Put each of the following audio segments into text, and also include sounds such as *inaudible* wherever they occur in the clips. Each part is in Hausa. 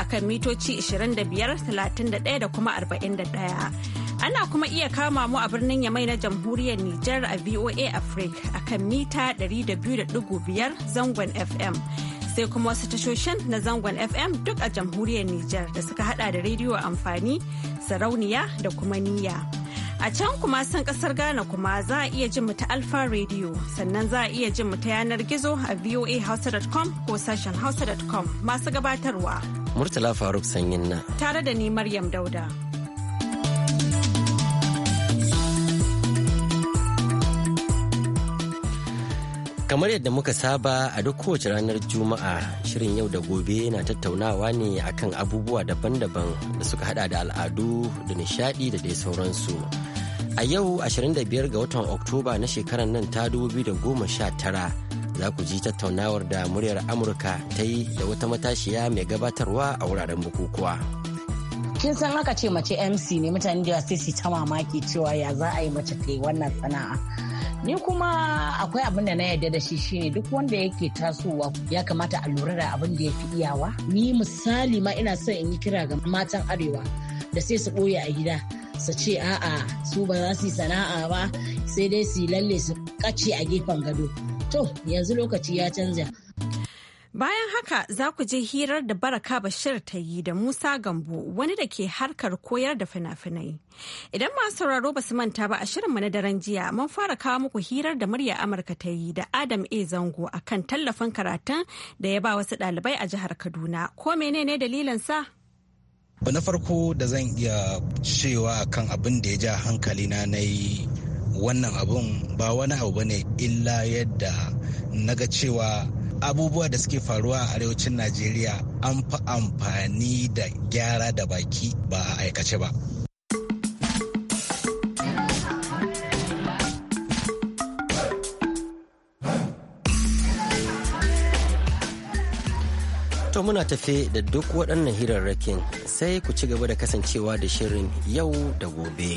akan mitoci 25,31 da kuma 41. Ana kuma iya kama mu a birnin Yamai na jamhuriyar Nijar a VOA Africa a kan mita 200.5 zangon FM. Sai kuma wasu tashoshin na zangon FM duk a jamhuriyar Nijar da suka hada da rediyo amfani, sarauniya da kuma niyya. A can kuma san kasar Ghana kuma za a iya jin mu ta Alfa Radio sannan za a iya jin mu ta yanar gizo a voahausa.com ko sashen hausa.com masu gabatarwa. Murtala Faruk Sanyin na. Tare da ni Maryam Dauda. Kamar yadda muka saba a duk kowace ranar Juma'a shirin yau da gobe na tattaunawa ne akan abubuwa daban-daban da suka hada da al'adu da nishadi da dai sauransu. A yau 25 ga watan Oktoba na shekarar nan ta 2019 za ku ji tattaunawar da muryar amurka ta yi da wata matashiya mai gabatarwa a wuraren bukukuwa kin san aka ce mace mc ne mutane da sai su ta mamaki cewa ya za a yi mace ta yi wannan sana'a ni kuma akwai abin da na yarda da shi shine duk wanda yake tasowa ya kamata a lura da abin da ya fi iyawa ni misali ma ina son in yi kira ga matan arewa da sai su ɓoye a gida su ce a'a su ba za su yi sana'a ba sai dai su lalle su kace a gefen gado To yanzu lokaci ya canza. Bayan haka za ku je hirar da Baraka Bashir ta yi da Musa Gambo wani da ke harkar koyar da fina-finai. Idan masu sauraro ba su manta ba a shirinmu na daren jiya mun fara kawo muku hirar da murya Amurka ta yi da Adam A. Zango a kan tallafin karatun da ya ba wasu ɗalibai a jihar Kaduna. Ko menene dalilin sa? na farko da zan iya cewa kan abin da ya ja hankali na na yi wannan abun ba wani abu bane illa yadda na ga cewa abubuwa da suke faruwa a arewacin najeriya an fi amfani da gyara da baki ba a aikace ba To muna tafe da duk waɗannan hirarrakin sai ku ci gaba da kasancewa da shirin yau da gobe.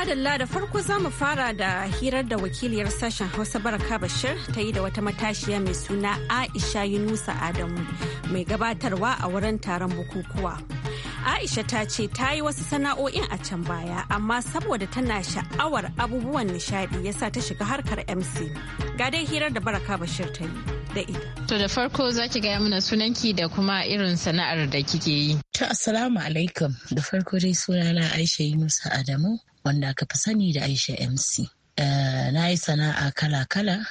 madalla da farko za mu fara da hirar da wakiliyar sashen hausa baraka bashir ta yi da wata matashiya mai suna aisha yunusa adamu mai gabatarwa a wurin taron bukukuwa aisha ta ce ta yi wasu sana'o'in a can baya amma saboda tana sha'awar abubuwan nishadi sa ta shiga harkar mc ga dai hirar da baraka bashir ta yi da ita. To da farko za ki gaya mana sunanki da kuma irin sana'ar da kike yi. Ta assalamu alaikum da farko dai sunana Aisha Yunusa Adamu wanda aka fi sani da Aisha MC. Eh, na yi sana'a kala-kala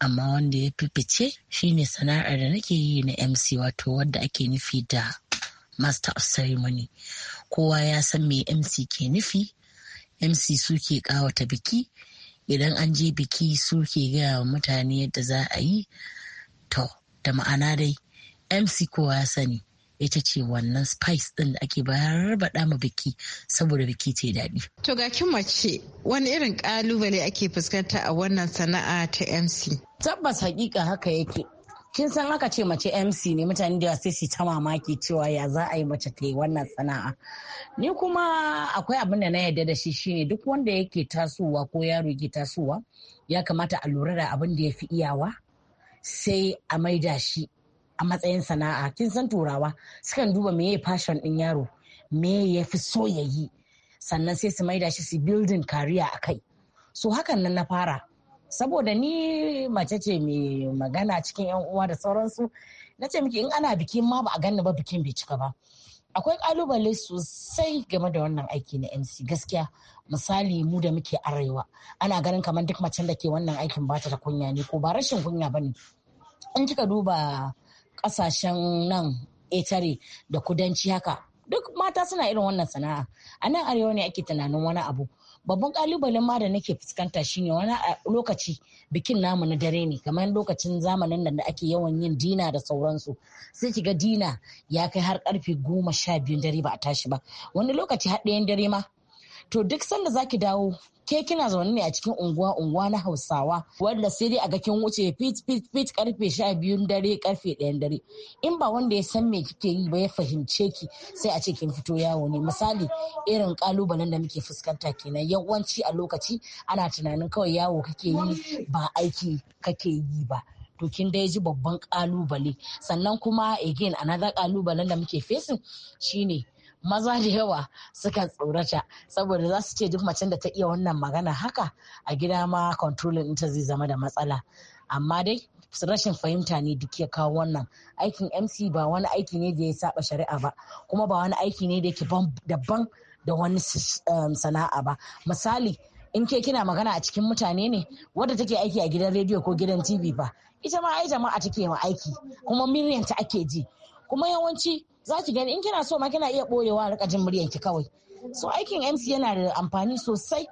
amma wanda ya fi fice shine sana'ar da nake yi na MC wato wadda ake nufi da Master of Ceremony. Kowa ya san me MC ke nufi, MC suke ƙawata biki, idan an je biki suke gaya wa mutane yadda za a yi, to da ma'ana dai MC kowa ya sani. ita ce wannan spice din da ake bayar baɗa ma biki saboda biki ce daɗi. To ga kin mace wani irin kalubale ake fuskanta a wannan sana'a ta MC. Tabbas hakika haka yake. Kin san haka ce mace MC ne mutane da sai su ta mamaki cewa ya za a yi mace ta yi wannan sana'a. Ni kuma akwai abin da na yarda da shi shine duk wanda yake tasowa ko yaro yake tasowa ya kamata a lura da abin da ya fi iyawa sai a maida shi a matsayin sana'a kin san turawa sukan duba me ya fashion din yaro me ya fi so ya yi sannan sai su maida shi su building kariya a kai so hakan nan na fara saboda ni mace ce mai magana cikin yan uwa da sauransu na ce miki in ana bikin ma ba a ganni ba bikin bai cika ba akwai kalubale sosai game da wannan aiki na mc gaskiya misali mu da muke arewa ana ganin kamar duk macen da ke wannan aikin ba ta da kunya ne ko ba rashin kunya ba ne in kika duba kasashen nan etare da kudanci haka duk mata suna irin wannan sana'a a nan arewa ne ake tunanin wani abu babban kalubalen ma da nake fuskanta shine wani lokaci bikin namu na dare ne kamar lokacin zamanin nan da ake yawan yin dina da sauransu sai kiga dina ya kai har karfe goma sha biyun dare ba a tashi ba wani lokaci har dare ma to duk sanda zaki dawo ke kina zaune ne a cikin unguwa unguwa na hausawa wanda sai dai a ga kin wuce fit fit fit karfe sha biyun dare karfe ɗayan dare in ba wanda ya san me kike yi ba ya fahimce ki sai a ce kin fito yawo ne misali irin kalubalen da muke fuskanta kenan yawanci a lokaci ana tunanin kawai yawo kake yi ba aiki kake yi ba to kin dai ji babban kalubale sannan kuma again another kalubalen da muke facing shine maza da yawa suka tsorata saboda za su ce duk macen da ta iya wannan magana haka a gida ma controlling ta zai zama da matsala amma dai rashin fahimta ne duk ya kawo wannan aikin mc ba wani aiki ne da ya saba shari'a ba kuma ba wani aiki ne da ke daban da wani um, sana'a ba misali in ke kina magana a cikin mutane ne wadda take aiki a gidan rediyo ko gidan tv ba ita ma ai jama'a take ma aiki kuma miliyan ta ake ji kuma yawanci za ki gani in kina so ma kina iya borewa rika jin muryan ki kawai so aikin MC yana da amfani sosai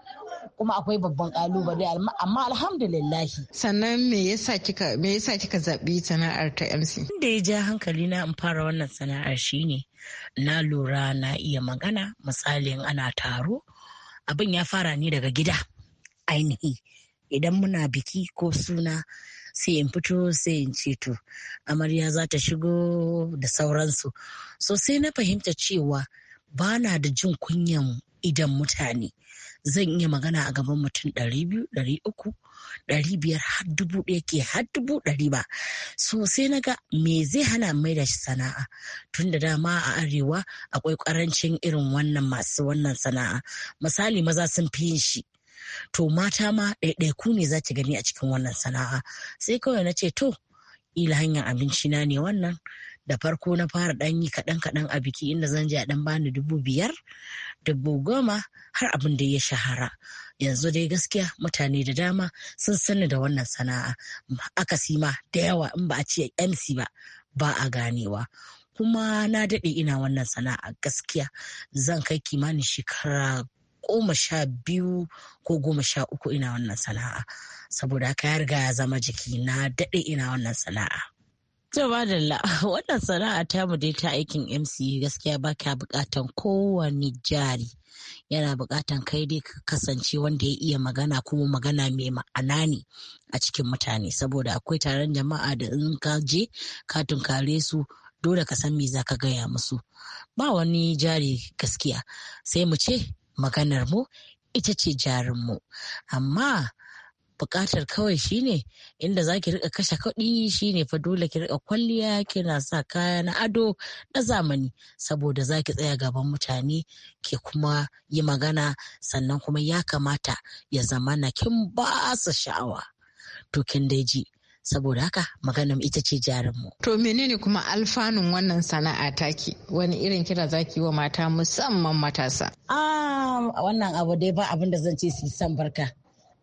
kuma akwai babban kalubale amma alhamdulillah. sannan me yasa kika me yasa kika zabi sana'ar ta MC da ya ja hankali na in fara wannan sana'ar shine na lura na iya magana misalin ana taro abin ya fara ni daga gida ainihi idan muna biki ko suna sai in fito sai in ceto. amarya za ta shigo da sauransu so sai na fahimta cewa ba na da jin kunyan idan mutane zan iya magana a gaban mutum ɗari biyu ɗari uku ɗari biyar har dubu ɗaya ke har dubu ɗari ba so sai na ga me zai hana mai da shi sana'a tun da dama a arewa akwai ƙarancin irin wannan masu wannan sana'a misali maza sun fi yin shi to mata ma ku ne za ki gani a cikin wannan sana'a sai kawai na ce to ila hanyar abinci na ne wannan da farko na fara ɗan yi kaɗan kaɗan a biki inda zan je a ɗan bani dubu biyar dubu goma har abin da ya shahara yanzu dai gaskiya mutane da dama sun sani da wannan sana'a akasi ma da yawa in ba a ce mc ba ba a ganewa kuma na daɗe ina wannan sana'a gaskiya zan kai kimanin shekara goma sha biyu ko goma sha uku ina wannan sana'a saboda haka ya riga ya zama jiki na daɗe ina wannan sana'a Jama da *laughs* wannan sana'a ta mu dai ta aikin MC e gaskiya ba ka bukatan kowane jari yana bukatan kai dai ka kasance wanda ya iya magana kuma magana mai ma'ana ne a cikin mutane saboda akwai taron jama'a da in ka je ka tunkare su dole ka san me za ka gaya musu ba wani jari gaskiya sai mu ce maganar mu ita ce jarinmu amma buƙatar kawai shine inda za ki rika kashe kuɗi shine fa dole ki rika kwalliya kina sa kaya na ado na zamani saboda za ki tsaya gaban mutane ki kuma yi magana sannan kuma ya kamata ya zama na kin ba su sha'awa to kin dai ji saboda haka maganar ita ce jarin mu. To menene kuma alfanun wannan sana'a taki wani irin kira zaki wa mata musamman matasa? Ah, wannan abu dai ba abin da zan ce su san barka.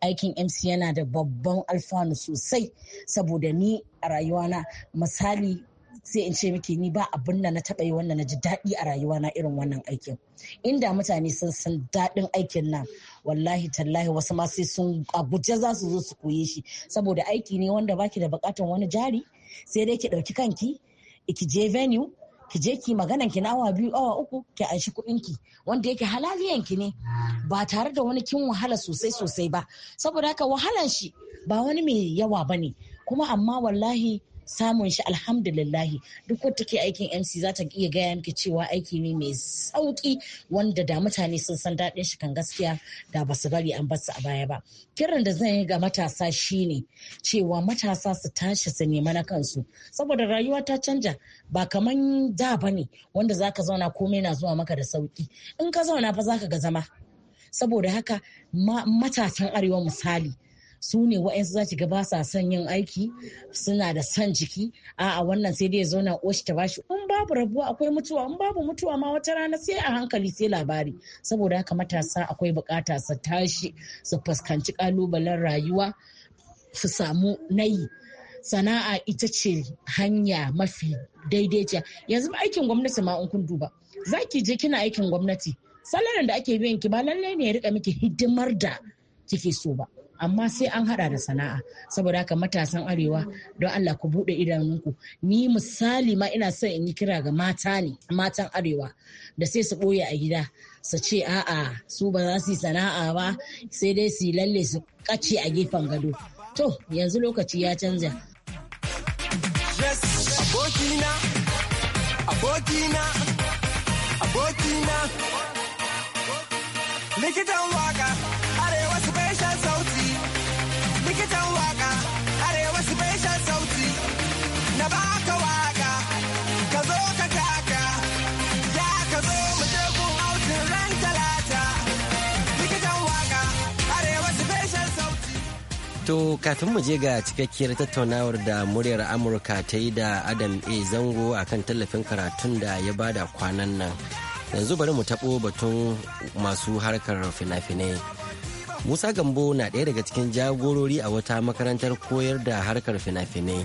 Aikin MC yana da babban alfanu sosai saboda ni a rayuwana misali sai in ce miki ni ba abin da na taɓa yi wannan na ji daɗi a rayuwa na irin wannan aikin inda mutane sun san daɗin aikin nan wallahi tallahi wasu ma sai sun a guje za su zo su koye shi saboda aiki ne wanda baki da buƙatar wani jari sai dai ki ɗauki kanki ki je venue ki je ki maganan ki na awa biyu awa uku ki anshi kuɗin ki wanda yake halaliyan ki ne ba tare da wani kin wahala sosai sosai ba saboda haka wahalan shi ba wani mai yawa bane kuma amma wallahi samun shi alhamdulillahi duk wata ke aikin mc za ta iya gaya miki cewa aiki ne mai sauki wanda da mutane sun san daɗin shi kan gaskiya da ba su bari an basu a baya ba kiran da zan yi ga matasa shine cewa matasa su tashi su nema na kansu saboda rayuwa ta canja ba kaman da bane wanda zaka zauna komai na zuwa maka da sauki in ka zauna fa zaka ga zama saboda haka matasan arewa misali su ne wa'yansu za ga ba sa son yin aiki suna da son jiki a'a wannan sai dai zauna oshi ta bashi in babu rabuwa akwai mutuwa in babu mutuwa ma wata rana sai a hankali sai labari saboda haka matasa akwai bukata su tashi su fuskanci kalubalen rayuwa su samu nayi sana'a ita ce hanya mafi daidaiciya yanzu aikin gwamnati ma in kun duba zaki je kina aikin gwamnati salarin da ake biyan ki ba lallai ne ya rika miki hidimar da kike so ba amma sai an hada da sana'a saboda haka matasan arewa don Allah ku bude idanunku ni misali ma ina son in yi kira ga mata ne matan arewa da sai su boye a gida su ce a'a su ba za su yi sana'a ba sai dai su lalle su kace a gefen gado to yanzu lokaci ya canja abokina abokina abokina likitan waka To kafin mu je ga cikakkiyar tattaunawar da muryar Amurka ta yi da Adam A. Zango a kan tallafin karatun da ya bada kwanan nan. Yanzu bari mu taɓo batun masu harkar fina-finai. Musa Gambo na ɗaya daga cikin jagorori a wata makarantar koyar da harkar fina-finai.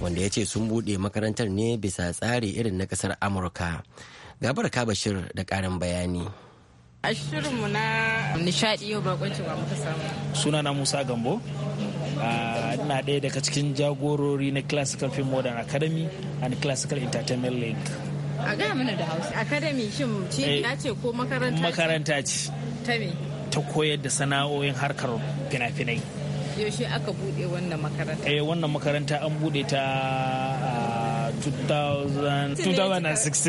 Wanda ya ce sun buɗe makarantar ne bisa tsari irin na ƙasar Amurka. Gabar Kabashir da ƙarin bayani. A na nishadi yau bakwancin ba muka samu. Suna na Musa Gambo. Ah, ina ɗaya daga cikin jagorori na Classical Film Modern Academy and Classical Entertainment League. A gaya mana da Hausa. Academy shin cibiya eh, ce ko makaranta ce? Makaranta ce. Ta me? Ta koyar da sana'o'in harkar fina-finai. Yaushe aka buɗe wannan makaranta? Eh wannan makaranta an buɗe ta 2016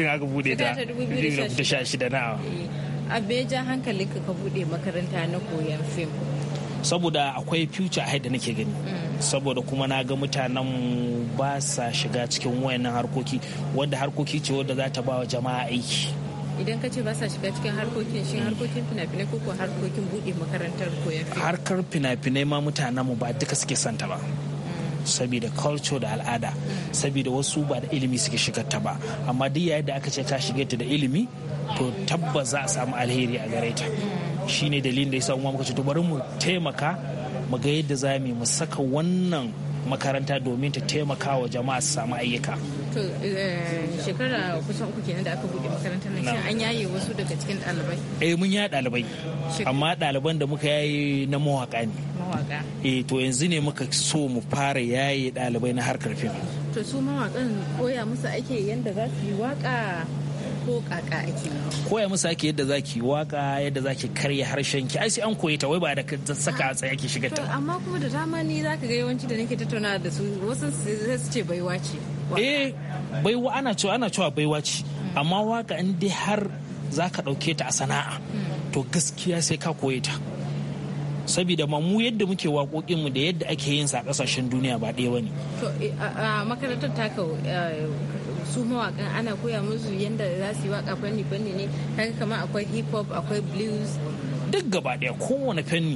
ah, aka bude ta 2016 na eh, abeja hankali ka bude makaranta na koyon fim saboda akwai future ahead da nake gani mm. saboda kuma na ga mutanen ba sa shiga cikin wayannan harkoki wadda harkoki ce wadda za ta ba wa jama'a aiki idan ka ce ba sa shiga cikin harkokin shi mm. harkokin fina-finai ko harkokin bude makarantar koyon harkar fina-finai ma mutanen mu ba duka suke santa ba mm. saboda culture da al'ada saboda wasu ba da ilimi suke shigar ta ba amma duk yayin da aka ce ka shige ta da ilimi to tabbas za a samu alheri a gare ta shine dalilin da yasa muka ce to bari mu taimaka mu ga yadda za mu saka wannan makaranta domin ta taimaka wa jama'a su samu ayyuka. To eh, shekara kusan uku kenan da aka buɗe makarantar nan an yaye wasu daga cikin ɗalibai? Eh mun yaye ɗalibai. Amma ɗaliban da muka yaye na mawaƙa ne. Mawaƙa. Eh to yanzu ne muka so mu fara yaye ɗalibai na harkar fim. To su mawaƙan koya musu ake yadda za su yi waƙa ko kaka ake koya musu ake yadda za ki waka yadda za ki karya harshen ki ai an koyi ta wai ba da ka saka a tsaye ki shiga ta amma kuma da dama ni za ka ga yawanci da nake tattauna da su wasu sai su ce baiwa ce eh baiwa ana cewa ana cewa baiwa ce amma waka in dai har za ka ɗauke ta a sana'a to gaskiya sai ka koyi ta saboda ma mu yadda muke mu da yadda ake yin sa a ƙasashen duniya ba ɗaya bane to eh, a makarantar taka eh, su mawakan ana koya musu yadda za su yi waka fanni fanni ne kan kama akwai hip hop akwai blues duk gaba daya kowane fanni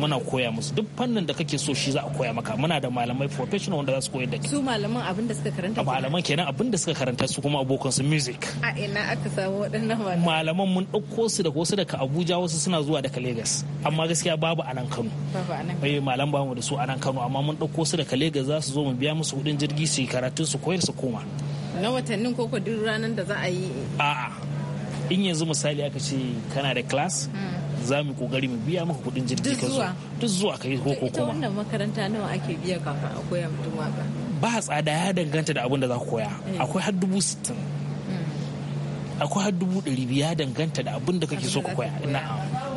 muna koya musu duk fannin da kake so shi za a koya maka muna da malamai professional wanda za su koyar da su malaman abin da suka karanta malaman kenan abin da suka karanta su kuma abokan su music a ina aka samu waɗannan malaman malaman mun ɗauko su daga wasu daga Abuja wasu suna zuwa daga Lagos amma gaskiya babu a nan Kano babu a nan eh malam bamu da su a nan Kano amma mun ɗauko su daga Lagos za su zo mu biya musu kuɗin jirgi su karatu su koyar su koma na watannin koko duk ranar da za a yi a'a in yanzu misali aka ce kana da class hmm. za mu kokari mu biya maka kudin jirgi ka zuwa duk zuwa kai ko ko kuma wannan makaranta nawa ake biya kafin a koya mutum waka ba tsada ya danganta da abin da za ku koya hmm. akwai har dubu sittin hmm. akwai har dubu ɗari biya danganta da abin da kake so ka koya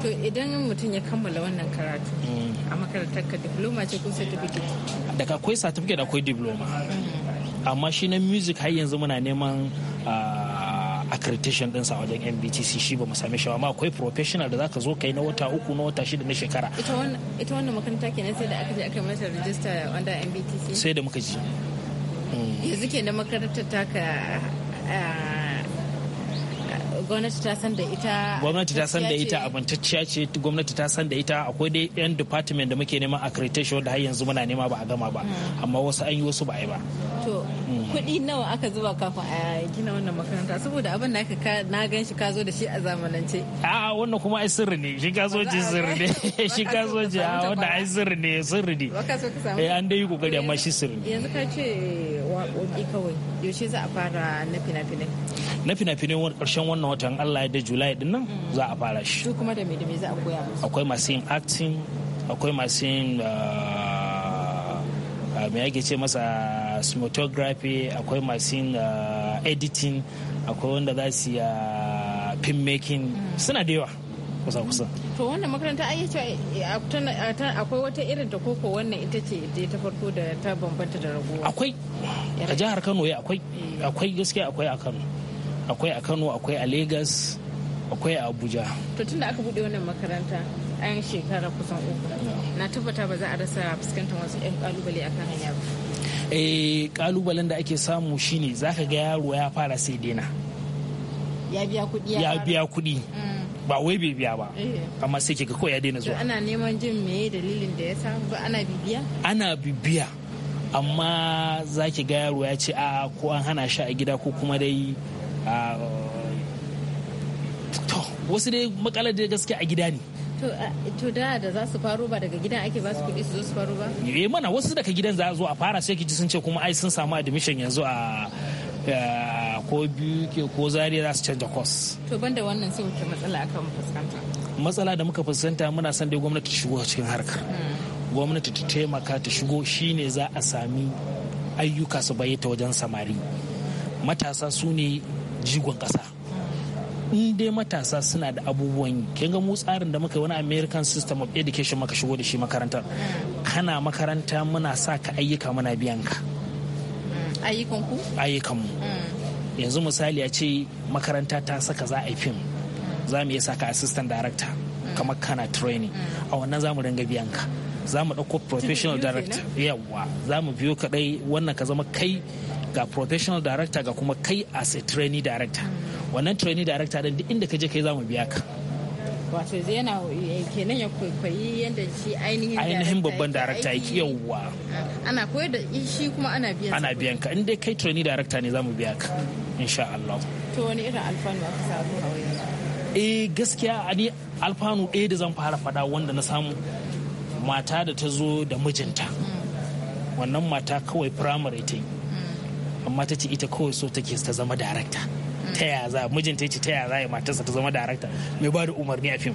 to idan mutum ya kammala wannan karatu a makarantar ka diploma ce ko certificate daga akwai certificate akwai diploma amma shi na music har yanzu muna neman ah, accreditation dinsa wajen mbtc shi ba mu same shi amma akwai professional da zaka zo kai na wata uku na wata shida na shekara ita wannan makaranta kenan sai da aka je aka mata register under mbtc sai da muka ji mm. yanzu kenan makarantar ka. Ah, gwamnati ta san da ita gwamnati ta san da ita abantacciya ce gwamnati ta san da ita akwai dai yan department da muke neman accreditation da har yanzu muna nema ba a gama ba hmm. amma wasu an yi wasu ba a yi ba to hmm. kuɗi nawa aka zuba kafin a gina wannan makaranta saboda abin da aka na gan shi ka zo da shi a zamanance a wannan kuma ai sirri ne shi ka zo ji sirri ne *laughs* *laughs* shi ka zo ji a wannan ai sirri ne sirri ne eh an dai yi kokari amma shi sirri ne yanzu ka ce waƙoƙi kawai yaushe za a fara na fina-finai na fina-finai ƙarshen wannan watan Allah da July din nan mm. za a fara shi. Su kuma da me da me za a koya musu? Akwai masu yin acting, akwai masu yin ah, ah, me ake ce masa ah, cinematography, akwai masu yin editing, akwai wanda za su yi film making mm. suna da yawa. kusa kusa. Mm. To wannan makaranta ai ce eh, akwai wata irin ta koko wannan ita ce ta farko da ta bambanta da ragowa. Akwai a jihar Kano ya eh, akwai eh. akwai gaskiya akwai a Kano. akwai a kano akwai a lagos akwai a abuja to tunda aka bude wannan makaranta an shekara kusan uku na tabbata ba za a rasa fuskantar wasu 'yan kalubale a kan hanya ba eh kalubalen da ake samu shine za ka ga yaro ya fara sai dena ya biya kuɗi ya biya kuɗi mm. ba wai bai biya ba eh. amma sai ke kawai ya daina zuwa ana neman jin me dalilin da ya samu ana bibiya ana bibiya amma za ki ga yaro ya ce a ko an hana shi a gida ko kuma dai to wasu dai makalar da gaske a gida ne to da da za su faro ba daga gidan ake ba su kuɗi su zo su faro ba eh mana wasu daga gidan za a zo a fara sai ki ji sun ce kuma ai sun samu admission yanzu a ko biyu ke ko zari za su canja course to banda wannan sai wuce matsala aka fuskanta matsala da muka fuskanta muna son dai gwamnati shigo cikin harkar hmm. gwamnati ta taimaka ta shigo shine za a sami ayyuka su bayyata wajen samari matasa su ne jigon kasa in dai matasa suna da abubuwan yi ga mu tsarin da muka yi wani american system of education maka shigo da shi makaranta kana makaranta muna sa ka ayyuka muna biyan ka mm, ayyukan ku ayyukan mu mm. yanzu misali a ce makaranta ta saka za a yi fim za mu iya saka assistant director mm. kamar kana training a wannan za mu ringa biyan ka za mu ɗauko professional director yawa za mu biyo kaɗai wannan ka zama kai ga professional director ga kuma kai as a trainee director wannan trainee director din inda ka je kai za mu biya ka wato yana kenan ya kwaikwayi yadda shi ainihin ainihin babban director yake yawwa ana koyar da shi kuma ana biyan ana biyan ka in dai kai trainee director ne zamu biya ka insha Allah to wani irin alfanu aka samu a wajen eh gaskiya ani alfanu ɗaya da zan fara fada wanda na samu mata da ta zo da mijinta mm. wannan mata kawai primary ta yi amma ta ce ita kawai so take ta zama darakta ta ya za mijinta ce ta ya za ya matarsa ta zama darakta mai ba da umarni a fim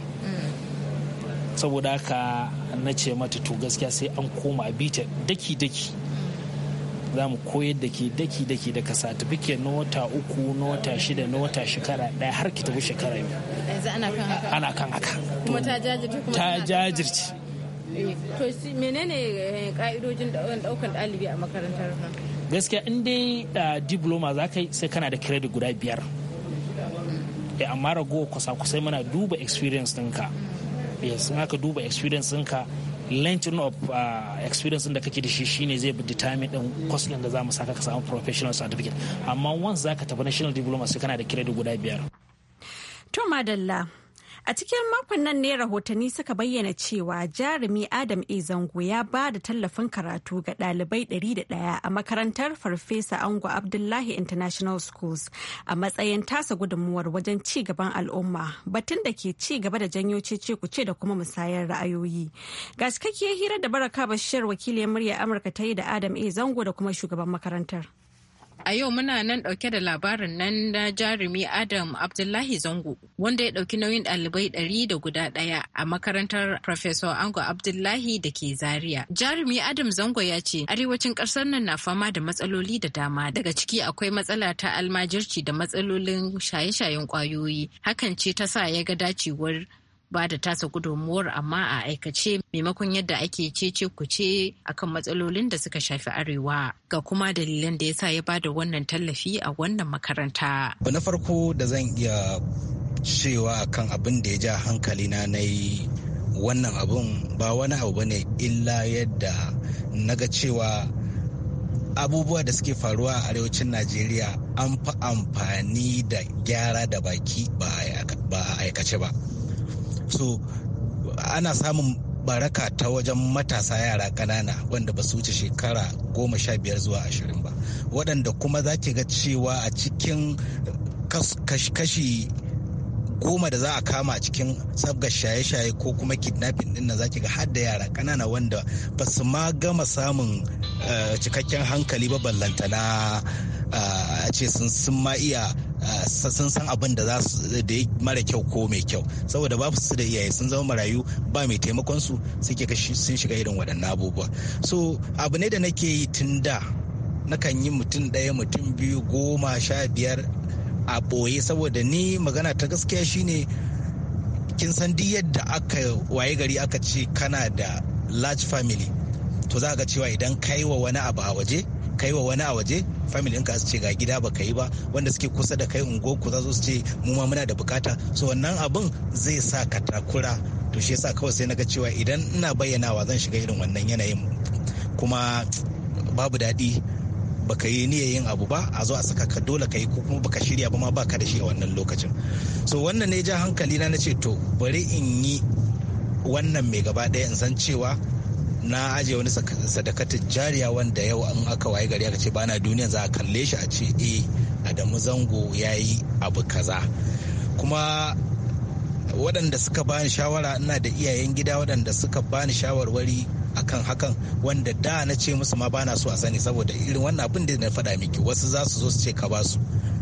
saboda haka na ce mata to gaskiya sai an koma a bita daki-daki za mu koyar da ke daki-daki daga satifike na wata uku na wata shida na wata shekara daya har ki tafi shekara biyu ana kan haka kuma ta jajirce kuma ta jajirce to menene eh, ka'idojin daukan ɗalibi a makarantar nan gaskiya in dai diploma za ka sai kana da credit guda biyar eh, amma ragowa kusa kusa mana duba experience ɗinka yes in aka duba experience ɗinka length of experience da kake da shi shine zai determine din course din da za mu saka ka samu professional certificate amma once ka tafi national diploma sai kana da credit guda biyar to madalla A cikin makon nan ne rahotanni suka bayyana cewa jarumi Adam A. Zango ya ba da tallafin karatu ga ɗalibai 101 a makarantar Farfesa Ango Abdullahi International Schools a matsayin tasa gudunmuwar wajen ci gaban al'umma batun da ke ci gaba da janyo cece-kuce da kuma musayar ra'ayoyi. Ga cikakkiyar hira da Baraka Bashir wakiliyar murya Amurka ta yi da Adam A. Zango da kuma shugaban makarantar. A yau muna nan ɗauke da labarin nan na jarumi Adam Abdullahi Zango wanda ya ɗauki nauyin ɗalibai ɗari da guda ɗaya a makarantar Professor Ango Abdullahi da ke Zaria. Jarumi Adam Zango ya ce arewacin ƙasar nan na fama da matsaloli da dama daga ciki akwai matsala ta almajirci da matsalolin shaye-shayen ƙwayoyi hakan ce ta sa ya ga dacewar ba da tasa gudunmuwar amma a aikace maimakon yadda ake cece ku ce akan matsalolin da suka shafi arewa ga kuma dalilan da yasa ya bada wannan tallafi a wannan makaranta. Ba na farko da zan iya cewa kan abin da ya ja hankalina na yi wannan abun ba wani abu bane illa yadda na ga cewa abubuwa da suke faruwa a arewacin najeriya an fi amfani da gyara da baki ba a aikace ba so ana samun baraka ta wajen matasa yara ƙanana wanda ba su wuce shekara goma sha biyar zuwa ashirin ba waɗanda kuma za ki ga cewa a cikin kashi goma da za a kama a cikin sabgar shaye-shaye ko kuma kidnapping din nan za ki ga har da yara kanana wanda ba su ma gama samun eh, cikakken hankali ba na eh, a ce sun ma iya sun san abin da za su da mara kyau ko mai kyau saboda babu su da iyaye sun zama marayu ba mai taimakon su suke sun shiga irin waɗannan abubuwa so abu ne da nake yi tun da nakan yi mutum ɗaya mutum biyu goma sha biyar a ɓoye saboda ni magana ta gaskiya shine kin san duk yadda aka waye gari aka ce kana da large family to za ga cewa idan kai wa wani abu a waje kai wa wani a waje family ɗinka su ce ga gida baka yi ba wanda suke kusa da kai ungo ku za su ce mu ma muna da bukata so wannan abin zai sa ka takura to shi yasa kawai sai naga cewa idan ina bayyanawa zan shiga irin wannan yanayin kuma babu daɗi baka yi niyyar yin abu ba a zo a saka ka dole ka yi ko kuma baka shirya ba ma baka da shi a wannan lokacin so wannan ne ja hankali na ce to bari in yi wannan mai gaba ɗaya in san cewa na ajiye wani sadakatin jariya wanda yau an aka waye gari aka ce bana duniya za a kalle shi a ce e adamu zango ya yi abu kaza kuma waɗanda suka bani shawara ina da iyayen gida waɗanda suka bani shawarwari akan hakan wanda da na ce musu ma bana so a sani saboda irin wannan abin da na faɗa miki wasu za su zo su ce ka ba su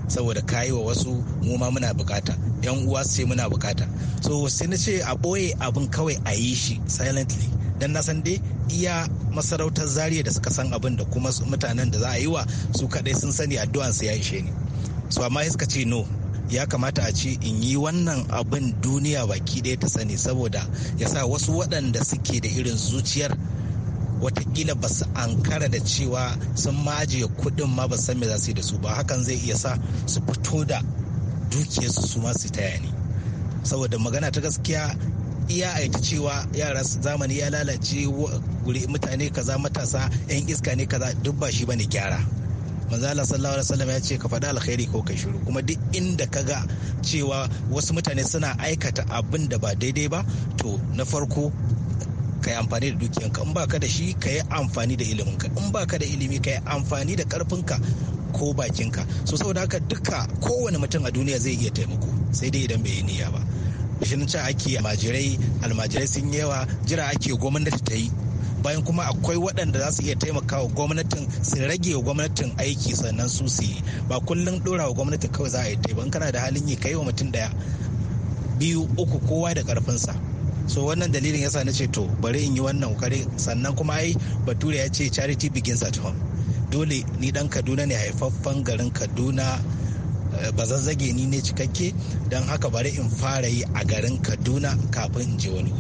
saboda kayi wa wasu mu ma muna bukata yan uwa su ce muna bukata so sai na ce a ɓoye abin kawai a yi shi silently dan na san dai iya masarautar zariya da suka san abin da kuma mutanen da za a yi wa su kadai sun sani addu'an su ya ishe ni su amma iska ce no ya kamata a ce in yi wannan abin duniya baki ɗaya ta sani saboda ya sa wasu waɗanda suke da irin zuciyar watakila ba su ankara da cewa sun majiye kuɗin ma ba san me za su da su ba hakan zai iya sa su fito da dukiyarsu su ma su taya yani saboda magana ta gaskiya iya aita cewa yara zamani ya lalace mutane kaza matasa 'yan iska ne kaza duk ba shi bane gyara manzo Allah sallallahu alaihi wasallam ya ce ka faɗa alkhairi ko kai shiru kuma duk inda ka ga cewa wasu mutane suna aikata abin da ba daidai ba to na farko ka yi amfani da dukiyanka in ka da shi ka yi amfani da ilimin ka. in ka da ilimi ka yi amfani da karfinka ko bakinka so saboda haka duka kowane mutum a duniya zai iya taimako sai dai idan bai yi niyya ba shirin ca ake almajirai almajirai sun yawa jira ake gwamnati ta yi bayan kuma akwai waɗanda za su iya taimakawa gwamnatin su rage wa gwamnatin aiki sannan su su yi ba kullum ɗora wa gwamnati kawai za a yi taimakon kana da halin yi kai wa mutum daya biyu uku kowa da ƙarfinsa so wannan dalilin yasa na ce to bari in yi wannan kare sannan kuma ai bature ya ce charity begins at home dole ni dan kaduna ne haifaffen garin kaduna bazazzage ni ne cikakke don haka bari in fara yi a garin kaduna kafin in je wani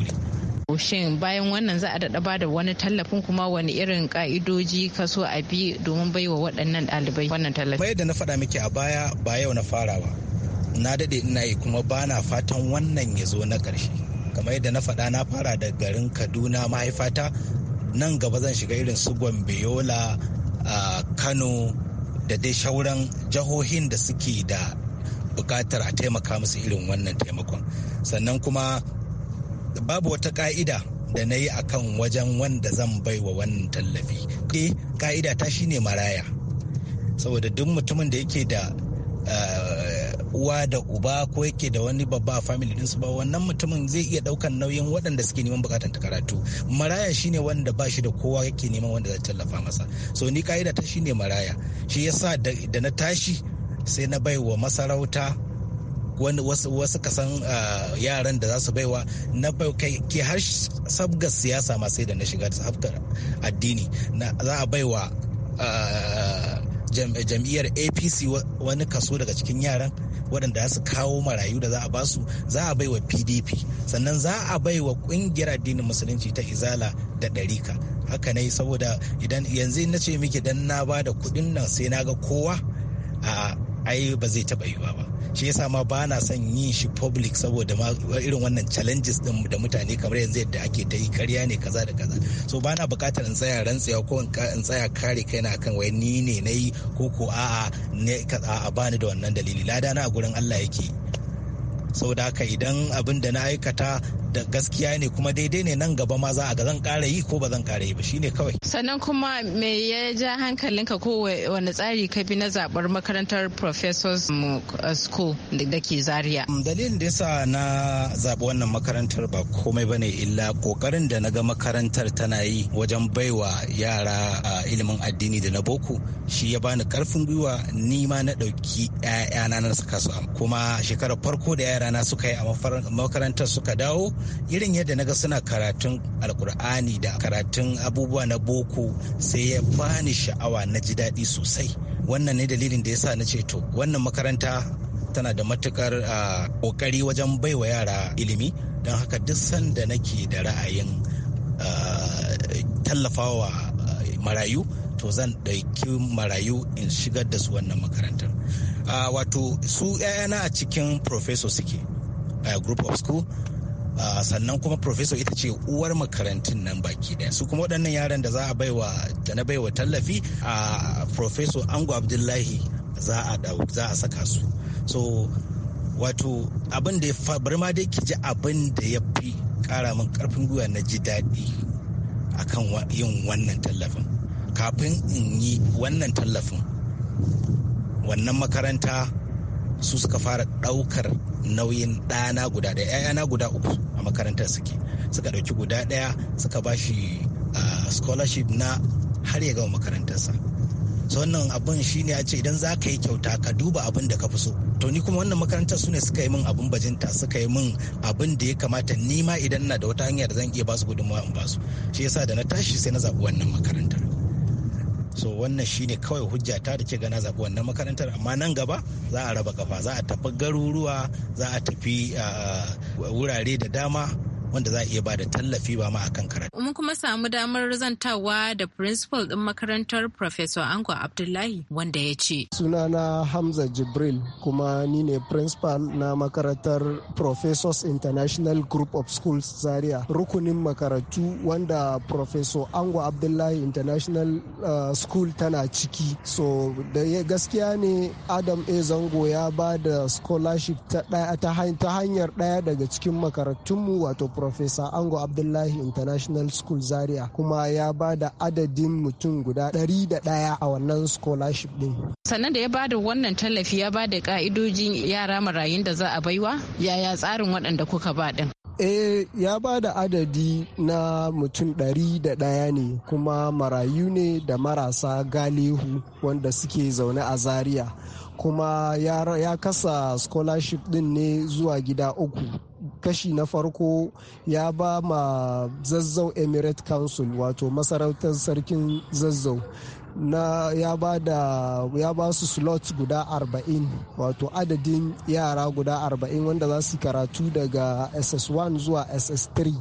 wuri shin bayan wannan za a daɗa ba da wani tallafin kuma wani irin ka'idoji ka so a bi domin baiwa waɗannan ɗalibai wannan tallafin bai da na faɗa miki a baya ba yau na fara ba na daɗe ina yi kuma ba na fatan wannan ya zo na ƙarshe kamar yadda na faɗa na fara da garin kaduna mahaifata nan gaba zan shiga irin su gombe yola kano da dai shauran jihohin da suke da bukatar a taimaka musu irin wannan taimakon sannan kuma babu wata ka'ida da na yi akan wajen wanda zan bai wa wannan tallafi ka'ida eh, ta shine maraya saboda duk mutumin da yake da eh, uwa da uba ko yake da wani babba family su ba wannan mutumin zai iya ɗaukan nauyin waɗanda suke neman bukatan ta karatu maraya shine wanda ba shi da kowa yake neman wanda zai tallafa masa so ni ka'ida ta shine maraya shi yasa da na tashi sai na baiwa masarauta wasu kasan ah, yaran da za su baiwa na bai kai ke har sabga siyasa ma sai da na shiga sabgar addini za a baiwa ah, jam'iyyar apc wani kaso daga cikin yaran waɗanda za su kawo marayu da za a basu za a bai baiwa pdp sannan za a bai wa ƙungiyar addinin musulunci ta izala da ɗarika haka ne saboda idan yanzu na ce miki dan na ba da kuɗin nan sai na ga kowa a ai ba zai taɓa yiwa ba shi yasa ma ba na son yin shi public saboda ma irin wannan challenges din da mutane kamar yanzu yadda ake ta yi karya ne kaza da kaza so ba na bukatar in tsaya rantsewa ko in tsaya kare kaina akan wai ni ne na yi ko ko a'a ne ba ni da wannan dalili lada na a gurin Allah yake saboda haka idan abin da na aikata da gaskiya ne kuma daidai ne nan gaba ma za a ga zan kara yi ko ba zan kara yi ba shine kawai sannan kuma me ya ja hankalinka ko wani tsari ka bi na zabar makarantar professors uh, school da ke zaria mm, dalilin da yasa na zabi wannan makarantar ba komai bane illa kokarin da na ga makarantar tana yi wajen baiwa yara uh, ilimin addini da na boko shi ya bani karfin gwiwa ni ma na ɗauki 'ya'yana na saka su kuma shekarar farko da yara na suka yi a makarantar suka dawo irin yadda naga suna karatun alkur'ani da karatun abubuwa na boko sai ya bani sha'awa na ji daɗi sosai wannan ne dalilin da ya sa na ce to wannan makaranta tana da matukar kokari wajen baiwa yara ilimi don haka duk sanda nake da ra'ayin tallafawa marayu to zan ɗauki marayu in shigar da su wannan makarantar wato su 'ya'yana a cikin professor suke a group of school Ah, sannan kuma professor ita ce uwar makarantun nan baki daya su kuma waɗannan yaran da za a baiwa da na baiwa tallafi a ah, professor ango abdullahi za a za a saka su so wato abin da ya bar ma dai ki ji abin da ya fi kara min karfin gwiwa na ji daɗi akan yin wannan tallafin kafin in yi wannan tallafin wannan makaranta su suka fara ɗaukar nauyin ɗana guda ɗaya ‘ya'yana guda uku a makarantar suke suka ɗauki guda ɗaya suka ba shi scholarship na har ya gama makarantarsa so wannan abin ne a ce idan za ka yi kyauta ka duba abin da ka fi so to ni kuma wannan makarantar su ne suka yi min abin bajinta suka yi min abin da ya kamata ni ma idan na da wata hanya da zan iya ba su gudunmawa in ba su. shi yasa da na tashi sai na zaɓi wannan makarantar so wannan shine kawai hujja ta da ke gana zaɓi wannan makarantar amma nan gaba za a raba kafa za a tafi garuruwa za a tafi ah, wurare da dama wanda za a iya ba da tallafi ba ma akan karatu. Mun kuma samu damar zantawa da principal din makarantar Professor Ango Abdullahi wanda ya ce. Sunana Hamza Jibril kuma ni ne principal na makarantar Professors International Group of Schools Zaria rukunin makarantu wanda Professor Ango Abdullahi International uh, School tana ciki. So da gaskiya ne Adam A. Zango ya ba da scholarship ta hanyar ɗaya daga cikin makarantunmu wato Professor Ango Abdullahi International School Zaria kuma ya ba da adadin mutum guda ɗari da ɗaya a wannan scholarship din. Sannan da ya ba da wannan tallafi ya ba da ka'idojin yara marayun da za a baiwa yaya tsarin waɗanda kuka ba ɗin. eh ya ba da adadi na mutum ɗari da ɗaya ne kuma marayu ne da marasa galihu wanda suke zaune a zaria kuma ya, ya kasa scholarship din ne zuwa gida uku kashi na farko ya ba ma zazzau emirate council wato masarautar sarkin zazzau na ya ba da ya ba su slot guda 40 wato adadin yara guda 40 wanda za su karatu daga ss1 zuwa ss3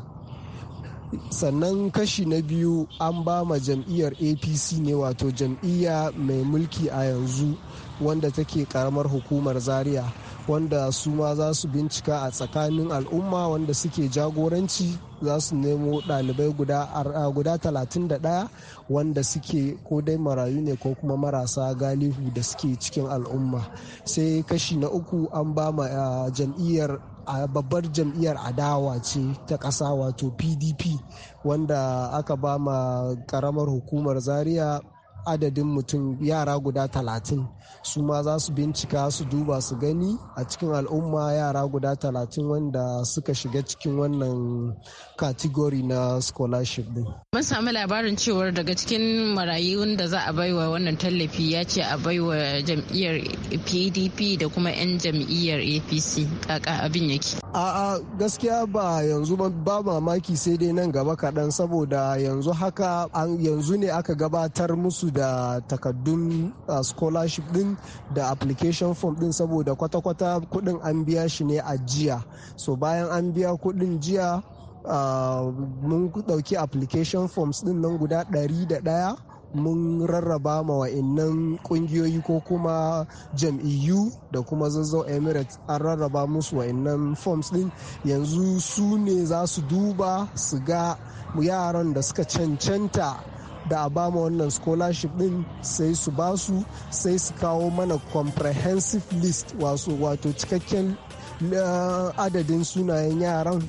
sannan kashi na biyu an ba ma jam'iyyar apc ne wato jam'iyya mai mulki a yanzu wanda take karamar hukumar zaria wanda su ma za su bincika a tsakanin al'umma wanda suke jagoranci za su nemo ɗalibai guda 31 wanda suke ko dai marayu ne ko kuma marasa galihu da suke cikin al'umma sai kashi na uku an ba ma jam'iyyar a babbar jam'iyyar adawa ce ta ƙasa wato pdp wanda aka ba ma ƙaramar hukumar zaria adadin mutum yara guda talatin su ma za su bincika su duba su gani a cikin al'umma yara guda talatin wanda suka shiga cikin wannan katigori na scholarship din. mun sami labarin cewar daga cikin marayun da za a baiwa wannan tallafi ya ce a baiwa jam'iyyar pdp da kuma 'yan jam'iyyar apc kaka abin yake a'a gaskiya ba yanzu ba mamaki sai dai nan gaba kaɗan saboda yanzu haka yanzu ne aka gabatar musu da takaddun uh, scholarship din da application form din saboda kwata-kwata kuɗin an biya shi ne a jiya so bayan an biya kuɗin jiya uh, mun dauki application forms din nan guda ɗaya mun rarraba ma wa'annan kungiyoyi ko kuma jam'iyyu da kuma zazzau emirates an rarraba musu wa'annan forms din yanzu su ne za su duba su ga yaran da suka cancanta da a mu wannan scholarship din sai su ba su sai su kawo mana comprehensive list wato cikakken eh, adadin sunayen yaran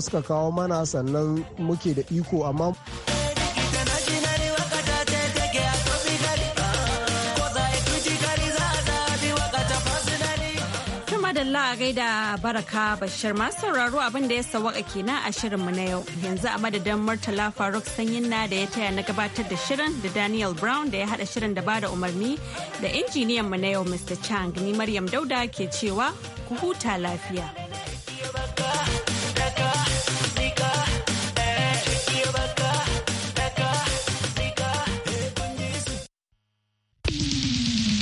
suka kawo mana sannan muke da iko amma madalla a gaida baraka bashir masu sauraro abin da ya sawaka kenan a shirin mu na yau yanzu a madadin murtala faruk sanyin na da ya taya na gabatar da shirin da daniel brown da ya hada shirin da bada umarni da injiniyan mu na yau mr chang ni maryam dauda ke cewa ku huta lafiya.